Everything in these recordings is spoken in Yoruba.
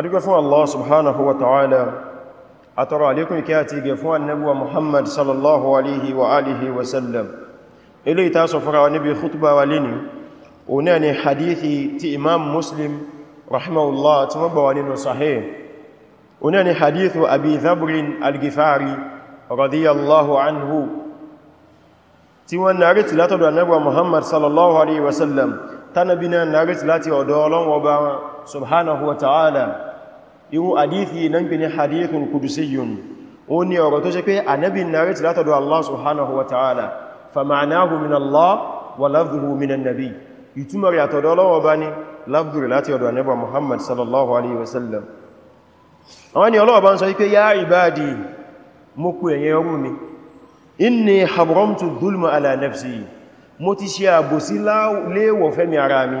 adúgbẹ́ fún Allah subhanahu wa ta'ala àtọrọ alékún ikẹ́ àti igẹ̀ fún annabuwa Muhammad sallallahu alihi wa alihi wa sallam ilé ìta sọ fara wani bí khutba wa lini òní ni hadithi ti imam muslim rahimahullah tí wọ́n bá wà nínú sahih òní ni hadithu abi dhabrin al radiyallahu anhu tí wọ́n nariti látọ̀dọ̀ annabuwa Muhammad sallallahu alihi wa sallam tánàbí na nariti láti ọ̀dọ̀ ọlọ́wọ́ bá subhanahu wa ta'ala irú hadithi na ń pè ní hadithun kudusiyyun ó ní ọ̀rọ̀ tó ṣe pé ànábì narí ti látọ̀dọ̀ Allah subhanahu wa ta'ala fa ma'anahu min Allah wa lafdhuhu min annabi ìtumọ̀ rẹ̀ àtọ̀dọ̀ ọlọ́wọ́ bá ní lafdhuhu láti ọ̀dọ̀ ànábì Muhammad sallallahu alaihi wasallam àwọn ni ọlọ́wọ́ bá ń sọ wípé ya ibadi mo kú ẹ̀yẹ ọrú mi inni haramtu dhulma ala nafsi mo ti ṣe àbòsí léèwọ̀ fẹ́mi ara mi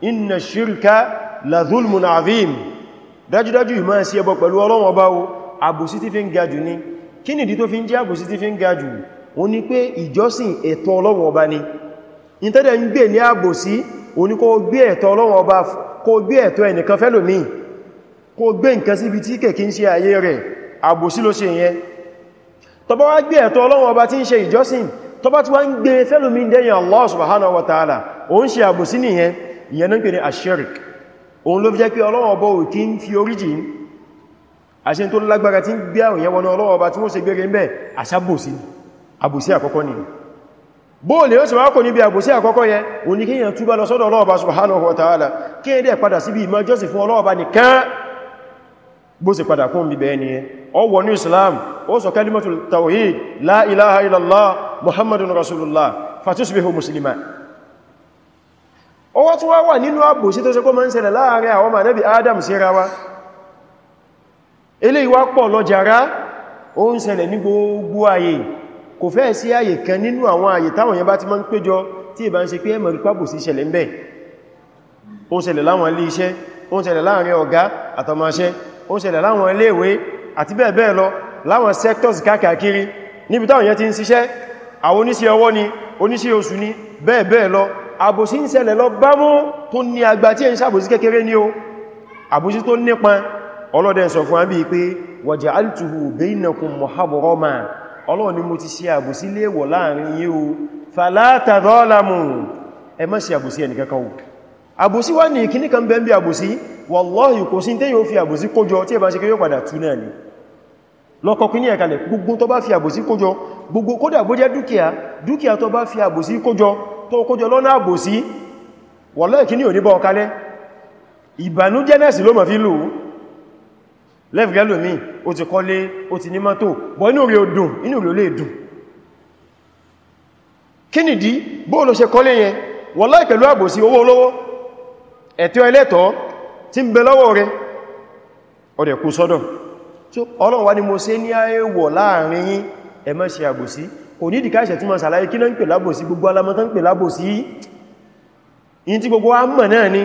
inna shirka la zulmun azim dájúdájú ìmá sí ẹbọ pẹ̀lú Ọlọ́run Ọba o àbòsí tí fi ń gajù ní kí nìdí tó fi ń jẹ́ àbòsí tí fi ń gajù o ní pé ìjọsìn ẹ̀tọ́ Ọlọ́run Ọba ni ìtẹ́dẹ̀ ń gbé ní àbòsí o ní kó gbé ẹ̀tọ́ Ọlọ́run Ọba kó gbé ẹ̀tọ́ ẹnìkan fẹ́lòmí kó gbé nǹkan síbi ìyẹn náà pè ní asherik òun ló fi jẹ́ pé ọlọ́wọ́ bọ́ ò kí ń fi oríjì àṣẹ tó lágbára tí ń gbé àwọn ìyẹn wọnú ọlọ́wọ́ bá tí wọ́n ṣe gbére ń bẹ́ àṣàbòsí àbòsí àkọ́kọ́ ni bóòlè ó sì wá kò níbi àbòsí àkọ́kọ́ yẹn o ní kíyàn túbá lọ sọ́dọ̀ ọlọ́ọ̀bá subhanahu wa ta'ala kí èdè padà síbi ìmọ̀ jọ́sì fún ọlọ́ọ̀bá nìkan bó sì padà kún bíbẹ̀ ẹni yẹn wọ ní islam ó sọ kalimatu tawhid la ilaha muhammadun rasulullah fatusbihu muslima ó wá tún wá wà nínú àbòsí tó ṣe kó ma ń ṣẹlẹ̀ láàrin àwọn mànẹ́bí Adam síra wa eléyìí wá pọ̀ lọ jàrá ó ń ṣẹlẹ̀ ní gbogbo ayé kò fẹ́ sí ayé kan nínú àwọn ayé táwọn yẹn bá ti máa ń péjọ tí ìbá ń ṣe pé ẹmọ̀ rí pàbòsí sectors káàkiri níbi táwọn yẹn ti ń ṣiṣẹ́ àwọn oníṣẹ́ ọwọ́ ni oníṣẹ́ oṣù àbòsí ń ṣẹlẹ̀ lọ bá mú tó ní àgbà tí ẹ̀ ń sàbòsí kékeré ní o àbòsí tó nípa ọlọ́dẹ̀ sọ fún àbí pé waja'altuhu bainakum muharrama ọlọ́run ni mo ti ṣe àbòsí léèwọ̀ láàrin yín o fala tadhalamu ẹ má ṣe àbòsí ẹnì kankan o àbòsí wá ní ìkíní kan bẹ́ẹ̀ bí àbòsí wallahi kò sí tẹ́yìn ó fi àbòsí gbogbo kódà bó jẹ́ dúkìá dúkìá tó bá fi àbòsí kójọ tó kójọ lọ́nà àbòsí wọ́lọ́ ìkíní ní bọ́ ọkalẹ́ ìbànújẹ́ náà ló mọ̀ fi lò lẹ́fìgẹ́lòmí ó ti kọ́lé o ti ní mọ́tò bọ́ inú rí odùn inú rí olè ẹ má ṣe àbòsí kò ní ìdíká ìṣẹ̀ tí ma ṣàlàyé kí náà ń pè lábòsí gbogbo alamọ́ tán ń pè lábòsí yìí tí gbogbo wa mọ̀ náà ni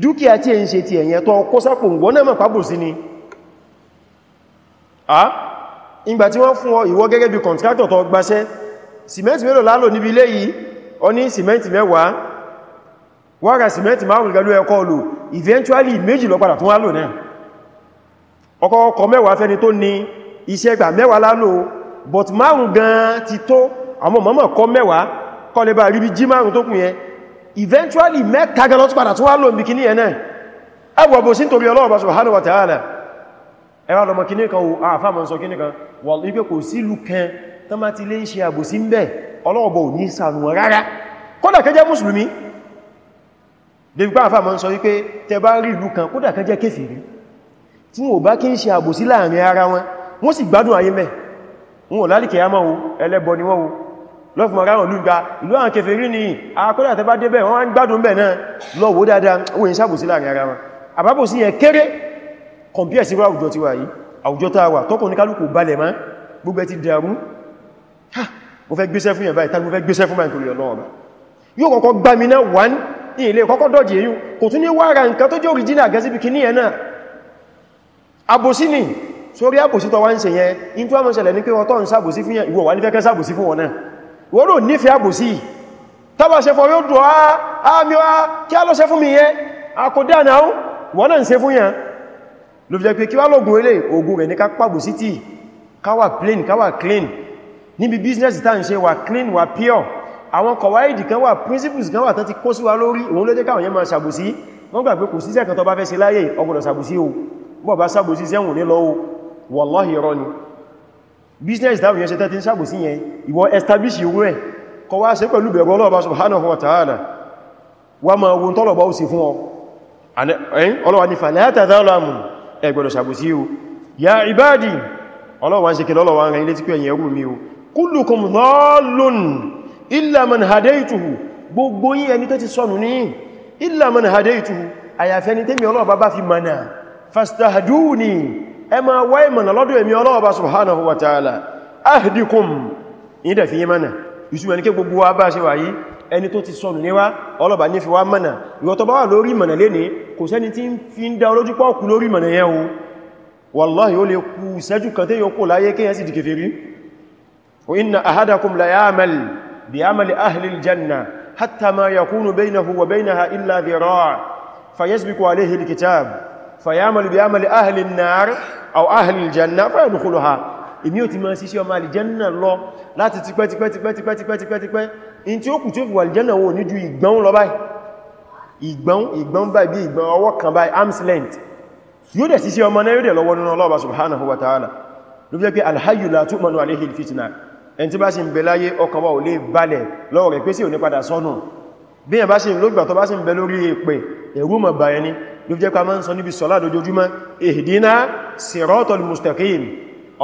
dúkìá tí ẹ ń ṣe ti ẹ̀yẹn tó kó sápò wọ́n náà mọ̀ pàbòsí ni a ìgbà tí wọ́n fún ọ ìwọ gẹ́gẹ́ bí kọ̀ntrakọ̀ tó gbaṣẹ́ eventually méjì lọ padà tún wá lò náà ọkọ̀ ọkọ̀ mẹ́wàá fẹ́ni tó iṣẹ́ gbà mẹ́wàá lálò but márùn gan ti tó àwọn mọ́mọ̀ kọ mẹ́wàá kọ́ lè bá rí bí jí márùn tó kùn yẹn eventually mẹ́ta gan lọ́tí padà tún wá lò bí kìíní ẹ̀nà ẹwọ̀ bó sí nítorí ọlọ́ọ̀bá subhanahu wa ta'ala ẹwà lọmọ kìíní kan wò àfà mọ́ sọ kìíní kan wọ́n wípé kò sí ìlú kan tán bá ti lè ń ṣe àbò sí ń bẹ̀ ọlọ́ọ̀bọ̀ ò ní sànù rárá kódà kẹjẹ́ mùsùlùmí david pa àfà mọ́ sọ wípé tẹ bá rí ìlú kan kódà kẹjẹ́ kéfèrí tí wọn ò bá kí ń ṣe àbò sí láàrin ara wọn wọ́n sì gbádùn ayé mẹ́ wọn ò lálìkẹ̀ yá mọ́ ẹlẹ́bọ ni wọ́n o lọ́fún ọ̀rá òlú gba ìlú àwọn kèfèrí ní àkọ́dà tẹ́ bá débẹ̀ wọ́n ń gbádùn bẹ̀ náà lọ́wọ́ dáadáa wọ́n ìṣàbòsí láàrin ara wọn àbábòsí yẹn kéré kọmpíẹ̀ sí àwùjọ tiwa yìí àwùjọ tá a wà tọ́kùn ní kálùkù balẹ̀ mọ́ gbogbo ti dàrú mo fẹ́ gbéṣẹ́ fún yẹn báyìí tàbí mo fẹ́ gbéṣẹ́ fún báyìí lọ́wọ́ yóò kọ́kọ́ gbá sórí àbòsí tó wá ń ṣe yẹn in tó wá mọ́ ṣẹlẹ̀ ní pé ọ̀tọ̀ ń sàbòsí fún yẹn ìwọ wà ní fẹ́kẹ́ sàbòsí fún wọn náà wọ́n rò nífẹ̀ẹ́ àbòsí tàbà ṣe fọ́ yóò dùn àmì wá kí a lọ ṣe fún mi yẹn àkódà náà wọ́n náà ń ṣe fún yẹn ló fi jẹ́ pé kí wá lọ́gùn ilé ogun rẹ̀ ní ká plain káwà clean níbi business tá ń ṣe wà clean wà pure àwọn kọ̀wáìdì kan wà principles kan wà tán ti kó sí wa lórí òun ló jẹ́ káwọn yẹn máa ṣàbòsí wọ́n gbà pé kò síṣẹ́ kan tó bá fẹ́ ṣe láyé ọgbọ̀dọ̀ ṣàbòsí o bọ́ọ̀ bá ṣàbòsí sẹ́wọ̀n ní lọ́wọ́ wallahi irọ́ ni business dáwọn yẹn ṣe tẹ́tí ń sàbò sí yẹn ìwọ establish ìwú ẹ̀ kọ wá ṣe pẹ̀lú bẹ̀rọ ọlọ́ọ̀bá subhanahu wa ta'ala wà máa wo tọ́lọ̀bá ó sì fún ọ ọlọ́wà ní fàlẹ́ta dáwọn ẹ gbọ́dọ̀ sàbò sí o ya ibadi ọlọ́wà ń ṣe kìlọ́ ọlọ́wà rẹ̀ ilé tí pẹ̀yẹ̀ rú mi o kullukum dhallun illa fastahduni ẹ máa wá ìmọ̀nà lọ́dọ̀ èmi Ọlọ́run Ọba subhanahu wa ta'ala ahdikum ìdẹ̀ fi yí mọ́nà ìṣúwẹ̀ ní kí gbogbo wa bá ṣe wà yí ẹni tó ti sọnù níwá ọlọ́bà ní fi wá mọ́nà ìwọ̀tọ̀ bá wà lórí mọ̀nà léni kò sẹ́ni tí ń fi ń dá olójú pọ́ọ̀kú lórí mọ̀nà yẹn o wallahi ó lè kú ìṣẹ́jú kan tí yóò kò láyé fàyàmàlù bí àmàlì ahìlì náàrí àwọn ahìlì ìjànà fàyàdùkúlù ha èmi ò ti máa síṣẹ́ ọmọ àlìjẹ́nà lọ láti tipẹ́tipẹ́tipẹ́tipẹ́tipẹ́ in tí ó kù tí ó fi wà àlìjẹ́nà wọn ní ju ìgbọ́n lọ báyìí ìgbọ́n ìgbọ́n báyìí ìgbọ́n ọwọ́ ló jẹ́ pa máa ń sọ níbi sọ́lá lójoojúmọ́ ihdina siratal mustaqim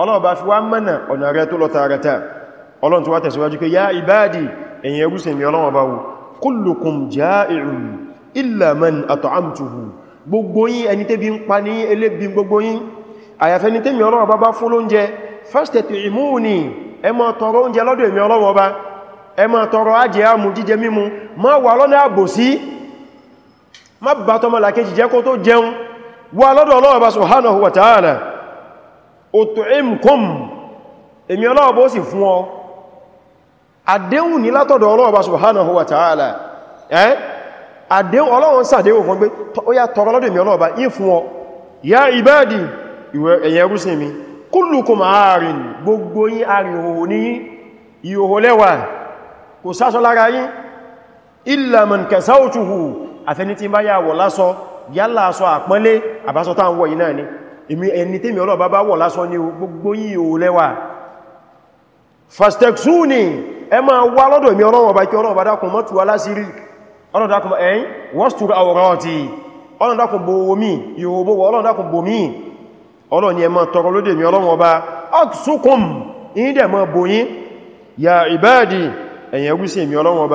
ọlọ́ọ̀bá fi wá mọ́nà ọ̀nà rẹ tó lọ tààràtà ọlọ́run tó wá tẹ̀síwájú pé yá ibadi ẹ̀yin ẹrúsìn mi ọlọ́wọ́ bá wù kullukum ja'irun illa man at'amtuhu gbogbo yín ẹni tẹ́bí ń pa ní elébi gbogbo yín àyàfẹ́ ni tẹ́mi ọlọ́wọ́ bá ẹ máa tọrọ ajẹ́ àmú jíjẹ mímu máa wà lọ́nà àbòsí má bá tọ́mọ làkejì jẹ́ kó tó jẹun wà lọ́dọ̀ Ọlọ́run Ọba subhanahu wa ta'ala ut'imkum èmi Ọlọ́run bó sì fún ọ àdéhùn ní látọ̀dọ̀ Ọlọ́run Ọba subhanahu wa ta'ala ẹ́ àdéhùn Ọlọ́run sàdéhùn fún pé ó yá tọrọ lọ́dọ̀ èmi Ọlọ́run Ọba yí fún ọ ya ibadi ẹ̀yẹ rúsìn mi kullukum ààrin gbogbo yín ààrin òhò ní ìhòhò lẹ́wà àfẹni tí bá yà wọ̀ lásọ yálà aṣọ àpọ́nlé àbásọ tá ń wọ̀ yìí náà ni èmi ẹni tèmi ọlọ́ọ̀bá bá wọ̀ lásọ ní gbogbo yìí ò lẹ́wà fastexuni ẹ máa wá lọ́dọ̀ mi ọlọ́wọ̀ bá kí ọlọ́ọ̀bá dákun mọ́ tú alásírí ọlọ́ọ̀dá dákun ẹ̀yìn wọ́stù àwọ̀rọ̀tì ọlọ́ọ̀dá dákun bomi ìhòbó ọlọ́ọ̀dá dákun bomi ọlọ́ọ̀ni ẹ máa tọrọ lódè mi ya ibadi ẹ̀yẹ̀ gúsẹ̀ mi ọlọ́wọ̀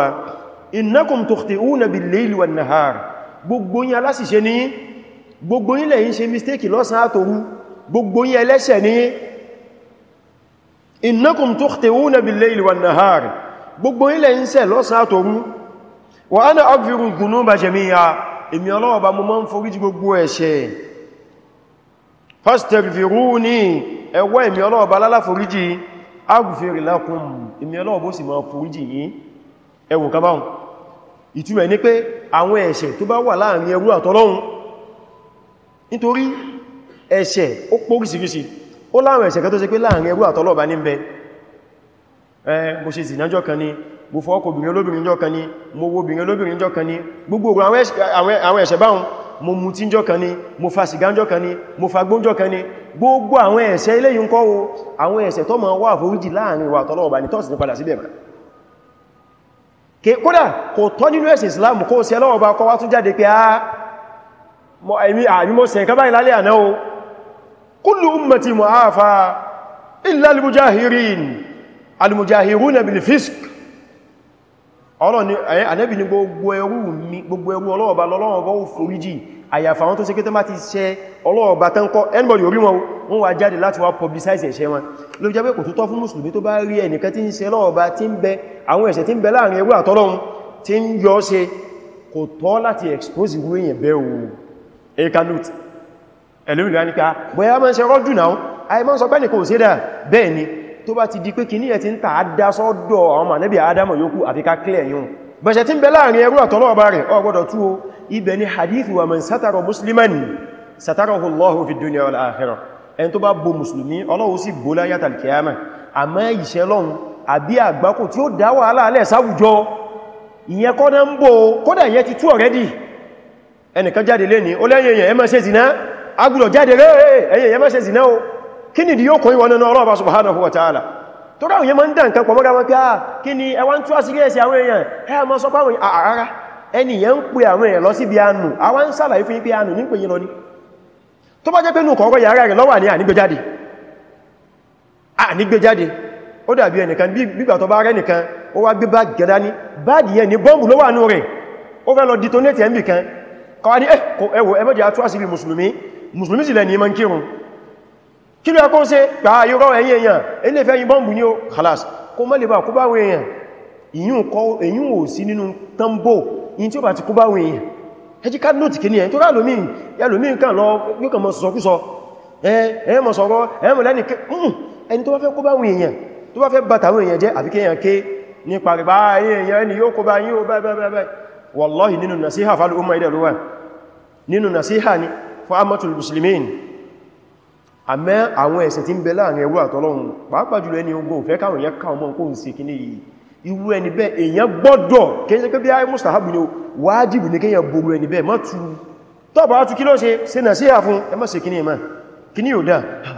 innakum tukhti'una bil-layli wan-nahar gbogbo yín aláṣìṣe ni gbogbo yín lẹ́yìn ṣe mistake lọ́sàn àtòru gbogbo yín ẹlẹ́ṣẹ̀ ni innakum tukhti'una bil-layli wan-nahar gbogbo yín lẹ́yìn ṣẹ̀ lọ́sàn àtòru wa ana aghfiru dhunuba jami'a èmi Ọlọ́run bá mo máa gbogbo ẹ̀ṣẹ̀ fastaghfiruni ẹwọ́ èmi Ọlọ́run bá lálá foríjì ẹwù kabáhùn ìtumẹ̀ ní pé àwọn ẹ̀ṣẹ̀ tó bá wà láàrin ẹrú àtọlọ́run nítorí ẹ̀ṣẹ̀ ó póríṣiríṣi ó láwọn ẹ̀ṣẹ̀ kan tó ṣe pé láàrin ẹrú àtọlọ́ba ní bẹ mo ṣe zìnájọ́ kan ni mo fọ́ ọkọ̀bìnrin olóbìnrin jọ kan ni mo wo obìnrin olóbìnrin jọ kan ni gbogbo àwọn ẹ̀ṣẹ̀ báhùn mo mutí jọ kan ni mo fa sìgá jọ kan ni mo fa gbóúnjọ kan gbogbo àwọn ẹ̀ṣẹ̀ eléyìí ń àwọn ẹ̀ṣẹ̀ tó máa wà foríjì láàrin ìwà àtọlọ́ọ̀bá ni tọ́sí ní padà síbẹ̀ mọ́ kódà kò tọ́ nínú ẹ̀sìn islam kó sí ẹlọ́wọ́ bá kọ́ wá tún jáde pé a ah, àmì mọ́ sẹ̀ǹkan báyìí lálẹ́ àná o kullu ummati mu'afa illa al-mujahirin al-mujahiruna bil ọlọ́ni àyàfà wọn tó ṣe kétọ́ bá ti ṣẹ ọlọ́ọ̀bá tán kọ́ anybody orí wọn wọ́n wà jáde láti wá publicize ẹ̀ṣẹ̀ wọn ló jẹ́ pé kò tútọ́ fún mùsùlùmí tó bá rí ẹnìkan tí ń ṣe ọlọ́ọ̀bá tí ń bẹ àwọn ẹ̀ṣẹ̀ tí ń bẹ láàrin ewé àtọ́lọ́run tí ń yọ ṣe kò tọ́ láti expose ìwé yẹn bẹ́ o ekanut ẹlòmí lọ́wọ́ nípa bóyá máa ń ṣe rọ́jù náà ayé máa ń sọ pé ní kò sí dà bẹ́ẹ̀ ni tó bá ti di pé kìníyàn ti ń tà á dá sọ́dọ̀ àwọn mànẹ́bí clear yóò bẹ̀ṣẹ̀ tí ń bẹ láàrin ẹrú àtọ́lọ́ọ̀bá rẹ̀ ọgbọ́dọ̀ tú o ibẹ̀ ni hadith wa man satara musliman satarahu Allahu fi dunya wal akhirah ẹni tó bá bo musulmi Ọlọ́run sì bó láyá tàlkìyàmà àmọ́ ìṣẹ́ lọ́run àbí àgbákò tí ó dá wàhálà alẹ́ sáwùjọ ìyẹn kọ́ ná ń bò kódà ìyẹn ti tú tó ráwọn yẹn ma ń dà nǹkan pọ̀mọ́ra wọn pé àà ah, kí ni ẹwà ń tú àsírí ẹ̀sẹ̀ àwọn èèyàn ẹ ma sọ páwọn àrárá ah, ẹni yẹn ń pè àwọn èèyàn lọ sí ibi àánú àwọn ń sàlàyé fún ibi àánú ní pè yí lọ ní tó bá jẹ́ pé nùkọ̀ọ́rọ̀ yàrá rẹ̀ lọ́wà ní ànígbéjáde ànígbéjáde ó dàbí ẹnìkan bígbà tó bá rẹ́ nìkan ó wá gbé báàgì gẹ́dá ní báàgì yẹn ní bọ́ọ̀bù lọ́wà nú rẹ̀ kí ló ẹkọ́ ṣe pàá yóò ẹ̀yìn èèyàn ilé ìfẹ́ yìí bọ́m̀bù ní o khalas kó mọ́ lè bá kó báwọn èèyàn èyí ò sí nínú tambo yìí tí ó bá ti kó báwọn èèyàn ẹjí ká nóòtì kì ní ẹ̀ tó rá lómìn yálòmín kan lọ yóò kàn mọ́ sọkúsọ ẹ̀ẹ́ mọ́ sọ̀rọ̀ ẹ̀mọ̀ lẹ́ni hmm, ẹni tó bá fẹ́ kó báwọn èèyàn tó bá fẹ́ bá tàwọn èèyàn jẹ́ àfi kéèyàn ké nípa rẹ̀ báyìí èèyàn ni yóò kó bá yín ó báyìí wallahi nínú nasiha fal umma ìdẹ̀lúwà nínú nasiha ni fa'amatul muslimin àmẹ́ àwọn ẹ̀ṣẹ̀ tí ń bẹ láàrin ẹwọ́ àtọ́lọ́run pàápàá jùlọ ẹni ogun òfẹ́ káwọn èèyàn káwọn mọ́ kóhùn sí kíní yìí irú ẹni bẹ́ èèyàn gbọ́dọ̀ ni wájìbù ní kéèyàn gbogbo ẹni bẹ́ mọ́tú tọ́bà tú kí ló ṣe ṣe nà sí àfún ẹ mọ́ sí kíní ẹ̀mọ́ kíní ò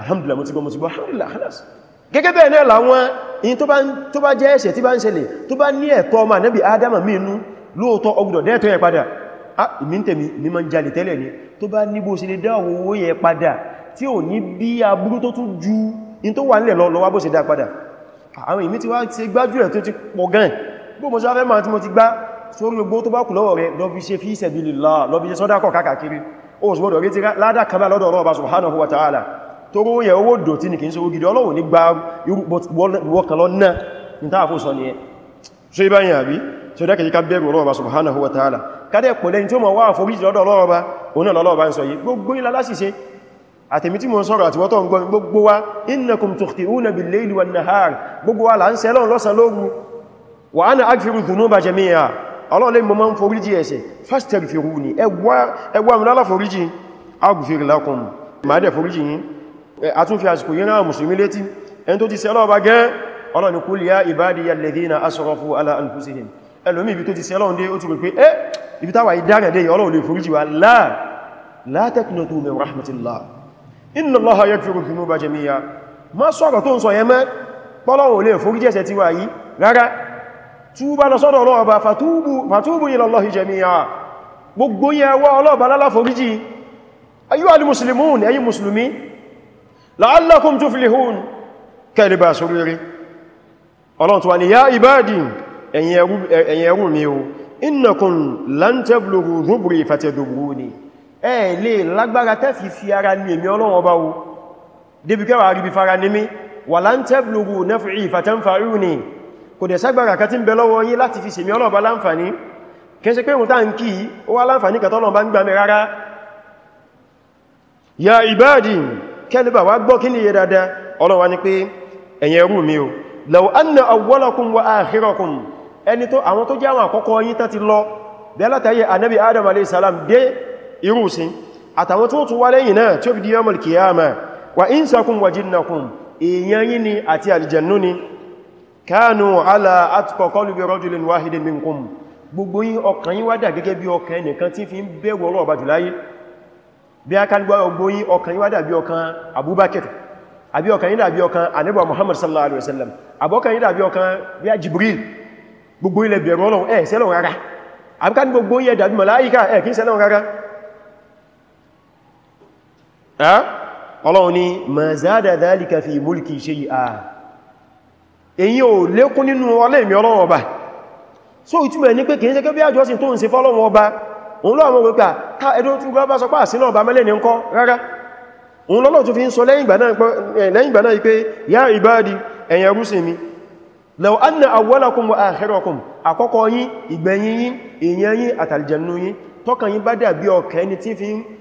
alhamdulillah mo ti gbọ́ mo ti gbọ́ alhamdulillah khalas gẹ́gẹ́ bẹ́ẹ̀ náà làwọn in tó bá jẹ́ ẹ̀ṣẹ̀ tí bá ń ṣẹlẹ̀ tó bá ní ẹ̀tọ́ ọmọ ànábì adama mínú lóòótọ́ ọgbùdọ̀ dẹ́ẹ̀tọ́ yẹ padà ah ìmíntẹ̀mí mi máa ń jalè tẹ́lẹ̀ ni tó bá níbo ṣe lè dá tí ò ní bí aburú tó tún ju in tó wà nílẹ̀ lọ lọ wá bó ṣe dá padà àwọn ìmí tí wá ti gbájú ẹ̀ tó ti pọ̀ gan bó mo sáré máa tí mo ti gbá sórí gbogbo tó bá kù lọ́wọ́ rẹ̀ lọ fi ṣe fi sabilillah lọ fi ṣe sọ́dákọ̀ káàkiri ó sì gbọ́dọ̀ rí ti ládá kan lọ́dọ̀ Ọlọ́run subhanahu wa ta'ala tó rówó yẹ owó dòtí ní kìí ṣe owó gidi Ọlọ́run ní gba irúgbọ́ kan lọ náà ní táà fún sọ nìyẹn ṣe ibáyìn àbí ṣe dákẹ̀ yíká bẹ̀rù Ọlọ́run subhanahu wa ta'ala kádẹ̀ pọ̀lẹ́ni tí ó mọ̀ wá àforíjì lọ́dọ̀ Ọlọ́run ọba òun ń sọ yìí gbogbo ìlàlásìṣe àtẹ̀mí tí mo ń sọ̀rọ̀ àti wọ́tọ̀ ń gbọ́n gbogbo wa innakum tukhti'una bil-layli wan-nahar gbogbo wa là ń sẹ́lọ́n lọ́sàn lóòrùn wa ana aghfiru dhunuba jami'a ọlọ́lẹ́ mọ́ mọ́ foríjì ẹ̀ṣẹ̀ fastaghfiruni ẹgbà mi lọ́lá foríjì aghfir lakum máa dẹ̀ foríjì yìí a tún fi àsìkò yìí náà mùsùlùmí létí ẹn tó ti sẹ́lọ́ ọba gẹ́ ọlọ́ni qul ya ibadiya alladhina asrafu ala anfusihim ẹlòmí ibi inna allaha yaghfiru dhunuba jami'a ma sọ̀rọ̀ tó ń sọ yẹmẹ́ pọ́lọ̀wọ̀ lè forí jẹ́sẹ̀ ti wà yìí rárá túbá lọ sọ́dọ̀ Ọlọ́run Ọba fàtúbù ila allahi jami'a gbogbo yẹn wá Ọlọ́run Ọba lálàforíjì ayyuha al-muslimun ẹ̀yin musulmi la'allakum tuflihun kẹlìbà sórírí ọlọ́run tó wà ní ẹ lè lágbára tẹ́fì fi ara ní èmì ọlọ́wọ́ bá wo débi kẹwà ríbi fara ní mí wà láńtẹ́blùgbù nẹ́fì ìfàtẹ́mfàríù ní kò dẹ̀ ságbára kàtí ń bẹ lọ́wọ́ yí láti fi sèmì ọlọ́ọ̀bá láǹfàní kẹsẹ pé ìwọ̀n táǹkì ó wá láǹfàní kàtọ́lọ̀bá ń gbà mẹ́ rárá ya ìbáàdì kẹlùbà wá gbọ́ kí ní yẹ dáadáa ọlọ́wà ní pé adam alayhi dé irúsí àtàwọn tó tún wá lẹ́yìn náà tí ó fi di yawmal qiyamah wa insakum wa jinnakum èèyàn yín ni àti àlìjànnú ni kanu ala atqa qalbi rajulin wahidin minkum gbogbo yín ọkàn yín wá dà gẹ́gẹ́ bí ọkàn ẹnìkan tí fi ń bẹ̀rù Ọlọ́run Ọba jùláyé bí a kan gbogbo yín ọkàn yín wá dà bí ọkàn Abubakar àbí ọkàn ní gbogbo yín ẹ dà bí màláíkà rárá ọlọ́run ni ma zada dhalika fi mulki shay'a èyí ò lékún nínú ọlẹ́ ìmì ọlọ́run ọba so ìtumọ̀ ní pé kìí ṣe kébí àjọsìn tó ń ṣe fọ́lọ́run ọba òun anna awwalakum wa akhirakum àkọ́kọ́ yín ìgbẹ̀yìn yín èèyàn yín àtàlìjẹ̀nú yín tọ́kàn yín bá dàbí ọ̀kẹ́ ni tí fi ń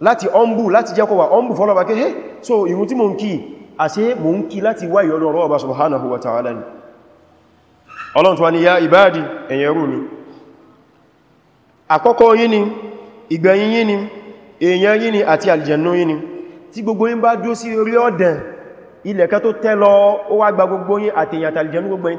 láti ọmbù láti jẹ́kọ̀ wà ọmbù fọ́lọ́bà kí hey so ìrun tí mo ń kí àṣẹ mo ń kí láti wá ìyọ́nà ọ̀rọ̀ ọba subhanahu wa ta'ala ni ọlọ́run tó wá ya ìbáàdì ẹ̀yẹ rú ni àkọ́kọ́ yín ni ìgbẹ̀yìn yín ni èèyàn yín ni àti àlìjẹ̀nú yín ni tí gbogbo yín bá dó sí orí ọ̀dàn ilẹ̀ kan tó tẹ́ lọ ó wá gba gbogbo yín àtèyàn àtàlìjẹ̀nú gbogbo yín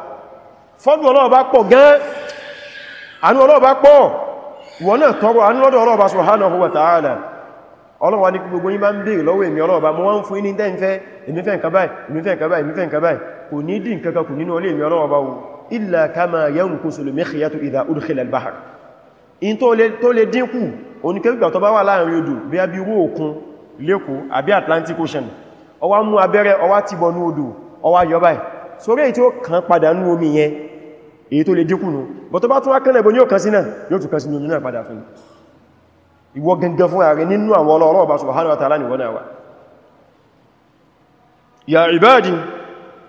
fọ́dún ọlọ́ọ̀bá pọ̀ gan anú ọlọ́ọ̀bá pọ̀ wọ́n náà tọrọ anú lọ́dọ̀ ọlọ́ọ̀bá subhanahu wa ta'ala ọlọ́wà ní gbogbo yín bá ń bèèrè lọ́wọ́ èmi ọlọ́ọ̀bá mo wá ń fún ní dẹ́ǹfẹ́ èmìfẹ́ nǹkan èmìfẹ́ èyí tí ó kàn padà nú omi yẹn èyí tó lè dínkù nù bọ̀ tó bá tún wákànlẹ̀ bó ní òkan sí náà yóò tún kan sí nínú náà padà fún ìwọ gangan fún ààrẹ nínú àwọn ọlọ́rọ̀ bá subhanahu wa ta'ala ni wọ́n náà wà ya ibadi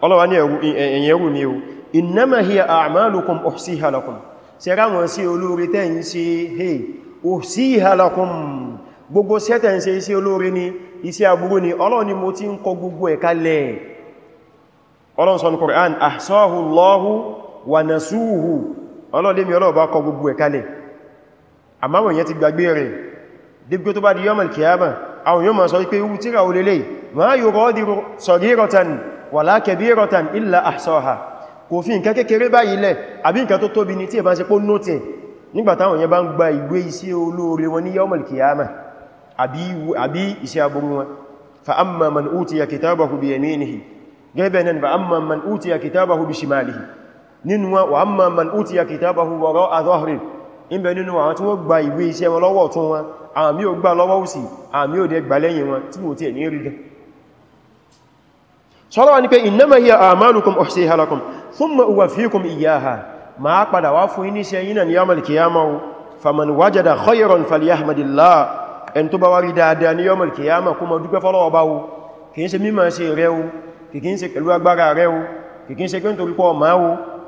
ọlọ́wà ní ẹ̀yìn ẹrù ni o innama hiya a'malukum uhsiha lakum sí ara wọn sí olóore wà nà súhù ọlọ́lẹ́mí ọlọ́ọ̀bá kọ gbogbo ẹ̀ kalẹ̀ àmáwọn èèyàn ti gbàgbé rẹ̀ dígbó tó bá di yọ́mọ̀ kìyàmà àwọn yọ́mọ̀ sọ pé ewu tíra olélé ma yughadiru saghiratan wala kabiratan illa ahsaha kò fi nǹkan kékeré báyìí lẹ̀ àbí nǹkan tó tóbi ní tí ẹ bá ṣe pó nótẹ̀ nígbàtàwọn nínú wọn wà mọ́ man úti ya kìtàbàhù wọ̀rọ̀ àzọ́hìrì ìbẹ nínú àwọn tí wọ́n gba ìwé iṣẹ́ wọn lọ́wọ́ tún wọn àmì ò gbà lọ́wọ́ òsì àmì ò dẹ gbà lẹ́yìn wọn tí mo tí ẹ̀ ní rí gan sọ́lọ́wà ní pé innama hiya a'malukum uhsiha lakum thumma uwaffikum iyyaha ma padà wá fún yín iṣẹ́ yín ní yawmal qiyamah faman wajada khayran falyahmadillah mímọ̀ ṣe rẹ̀ o kìí ṣe pẹ̀lú agbára rẹ̀ o kìí ṣe pé nítorí pọ̀ máa wo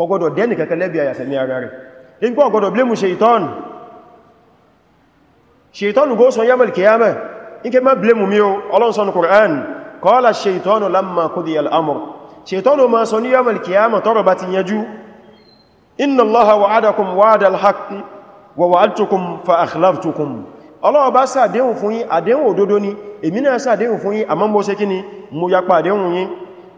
kò gbọdọ̀ dẹ́nì kankan lẹ́bí àyàsẹ̀mí ara rẹ̀ nígbà ọ̀gọ́dọ̀ blame ṣeitọ́nù ṣeitọ́nù gó sọ yamal kiyama in ke ma blame mi o ọlọ́nsọ́nù Qur'an qala ṣeitọ́nù lamma qudiya al-amr ṣeitọ́nù ma sọ ní yamal kiyama tọ́rọ bá ti wa wa'adtukum fa akhlaftukum ọlọ́wọ́ bá sàdéhùn fún yín àdéhùn òdodo ni èmi náà sàdéhùn fún yín àmọ́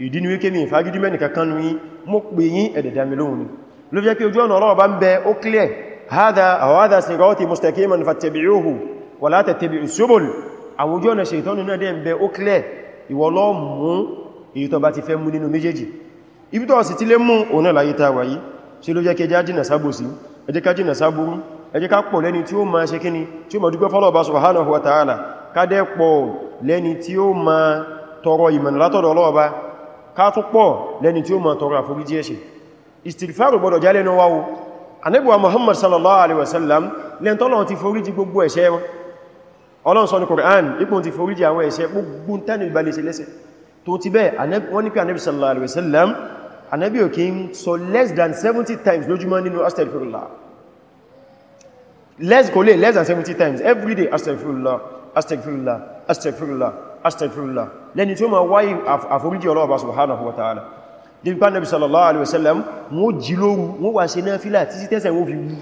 ìdí ni wíké mi ìfàgídí mẹ́ni kankan ní mọ́ pè yí ẹ̀dẹ̀dàmì lóhun ni ló jẹ́ pé ojú ọ̀nà ọlọ́wọ́ bá ń bẹ ó clear hadha aw hadha sirati mustaqiman fattabi'uhu wa la tattabi'u subul àwọn ojú ọ̀nà ṣètọ́nù náà dẹ̀ ń bẹ ó clear ìwọ lọ mú èyí tó bá ti fẹ́ mú nínú méjèèjì ibi tó sì ti lé mú òun wà yìí tọrọ ìmọ̀nà látọ̀dọ̀ ọlọ́ọ̀bá ká tó pọ̀ lẹ́ni tí ó máa tọrọ àforíjì ẹ̀ṣẹ̀ istighfar gbọdọ̀ jẹ́ lẹ́nu wa o anẹ́bùwa muhammad sallallahu alaihi wasallam lẹ́n tọ́lọ́n ti foríjì gbogbo ẹ̀ṣẹ̀ wọn ọlọ́n sọ ní Qur'an ipò ti foríjì àwọn ẹ̀ṣẹ̀ gbogbo tẹ́nu ìbalẹ̀ ṣe lẹ́ṣẹ̀ tó ti bẹ́ less than 70 times lójúmọ́ nínú astaghfirullah less kò less than 70 times every day astaghfirullah astaghfirullah astaghfirullah astaghfirullah lẹ́ni tí ó ma wáyé àforíjì ọlọ́ọ̀bá subhanahu wa ta'ala dìbí pa nàbí sallallahu alaihi wasallam wọ́n jí lóru wọ́n wà ṣe náà fílà títí tẹ́sẹ̀ wọ́n fi wú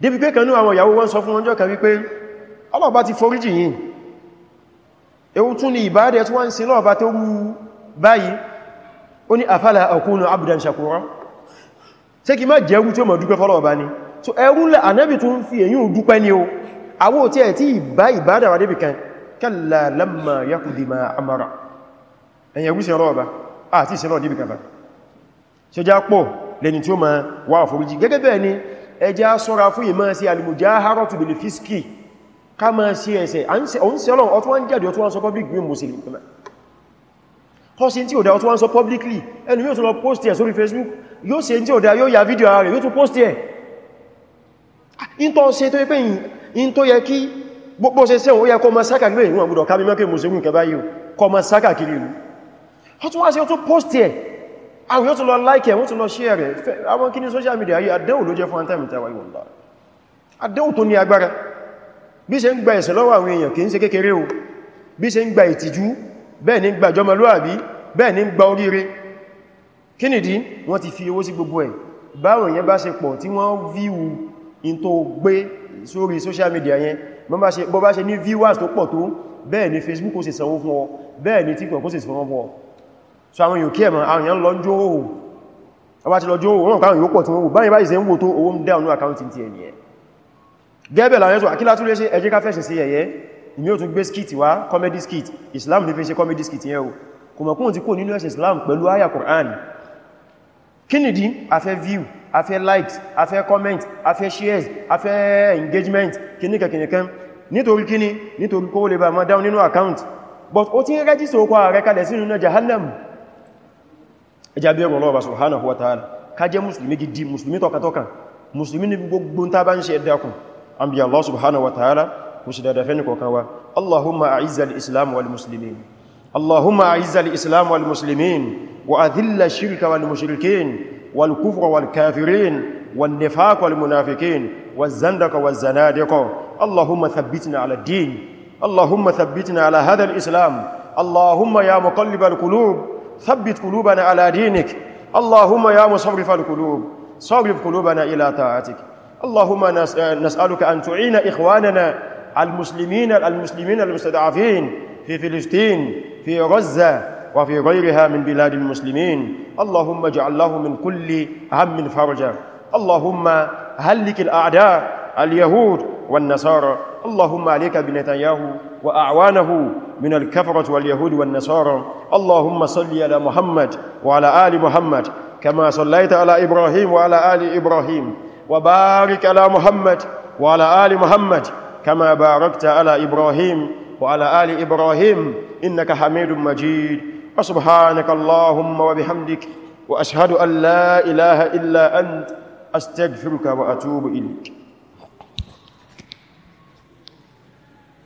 dìbí pé kanú àwọn ìyàwó wọ́n sọ fún ọjọ́ kan wípé ọlọ́ọ̀bá ti foríjì yìí ewu tún ni ìbádẹ́ tí wọ́n ṣe lọ́ọ̀bá tó wú báyìí ó ní afala akunu tí so ẹrú lẹ́ ànábì tún fi èyí ò dúpẹ́ ni o àwọ́ tí ẹ̀ tí ìbá ìbádà wà kalla lamma yaqdi ma amara ẹ̀yẹ̀ wí sẹ́rọ ọba àti ìsẹ́rọ dìbì kàfà ṣe já pọ̀ lẹni tí ó ma wà àforíjì gẹ́gẹ́ bẹ́ẹ̀ ni ẹjá sọ́ra fún ìmá sí al-mujaharatu bil fiski ká ma sí ẹsẹ̀ òun sẹ́lọ̀ ọtún wọ́n jáde ọtún wọ́n sọ public ṣe tí ó in tó yẹ kí bó ṣe sẹ́wọ̀n ó yẹ kọ́ ma sáka gbé ìwọ̀n àgbùdọ̀ ká mímọ́ pé mùsùlùmí kẹba yíò kọ́ ma sáka kiri ìlú ó tún wá sí ó tún ẹ̀ àwọn yóò tún lọ like ẹ̀ wọ́n tún lọ share rẹ̀ àwọn kí ní social media yìí àdẹ́wò ló jẹ́ fún àtàmì tàwà ìwọ̀n lá àdẹ́wò tó ní agbára bí ṣe ń gba ẹ̀sẹ̀ lọ́wọ́ àwọn èèyàn kì í ṣe kékeré o bí ṣe ń gba ìtìjú bẹ́ẹ̀ ni gba jọmọlúàbí bẹ́ẹ̀ ni gba oríire kí social media yẹn bó bá ṣe ní viewers tó pọ̀ tó bẹ́ẹ̀ ni Facebook ó sì sanwó fún ọ bẹ́ẹ̀ ni TikTok ó sì sanwó fún ọ so àwọn yóò kí ẹ̀mọ̀ àwọn èèyàn lọ jóòrò ọba ti lọ jóòrò wọn káwọn yóò pọ̀ tí wọ́n wò báyìí báyìí ṣe ń wò tó owó ń dá ọ̀nà àkáùntì ti ẹ̀yẹ gẹ́bẹ̀ láwọn ẹ̀sọ́ àkílá tún lé ṣe ẹjẹ́ káfẹ́ṣin sí ẹ̀yẹ ìmí ò tún gbé skit wá comedy skit Islam ní fi ṣe comedy skit yẹn o kò mọ̀kún ti kò nínú ẹ̀sìn Islam pẹ̀lú àyà Qur'an kí nìdí afẹ́ view a likes a fẹ́ comments a shares a engagement kìníkà kìníkà nítorí kíní nítorí kó lè bá mọ́ dáun nínú account but ó ti ń register okó ààrẹ kalẹ̀ sínú náà jahannam ẹjá lọ́wọ́ subhanahu wa ta'ala ká jẹ́ musulmi gidi musulmi tọkàtọkàn musulmi ni gbogbo ta bá ń ṣe ẹ̀dàkùn allah subhanahu wa ta'ala kò ṣe wa allahumma a'izzal islam wal muslimin allahumma a'izzal islam wal muslimin wa adhilla shirka wal mushrikin والكفر والكافرين والنفاق والمنافقين والزندق والزنادق اللهم ثبتنا على الدين اللهم ثبتنا على هذا الإسلام اللهم يا مقلب القلوب ثبت قلوبنا على دينك اللهم يا مصرف القلوب صرف قلوبنا إلى طاعتك اللهم نسألك أن تعين إخواننا المسلمين المسلمين المستضعفين في فلسطين في غزة وفي غيرها من بلاد المسلمين اللهم اجعل له من كل هم فرجا اللهم هلك الأعداء اليهود والنصارى اللهم عليك بنتنياهو وأعوانه من الكفرة واليهود والنصارى اللهم صل على محمد وعلى آل محمد كما صليت على إبراهيم وعلى آل إبراهيم وبارك على محمد وعلى آل محمد كما باركت على إبراهيم وعلى آل إبراهيم إنك حميد مجيد فسبحانك اللهم وبحمدك وأشهد أن لا إله إلا أنت أستغفرك وأتوب إليك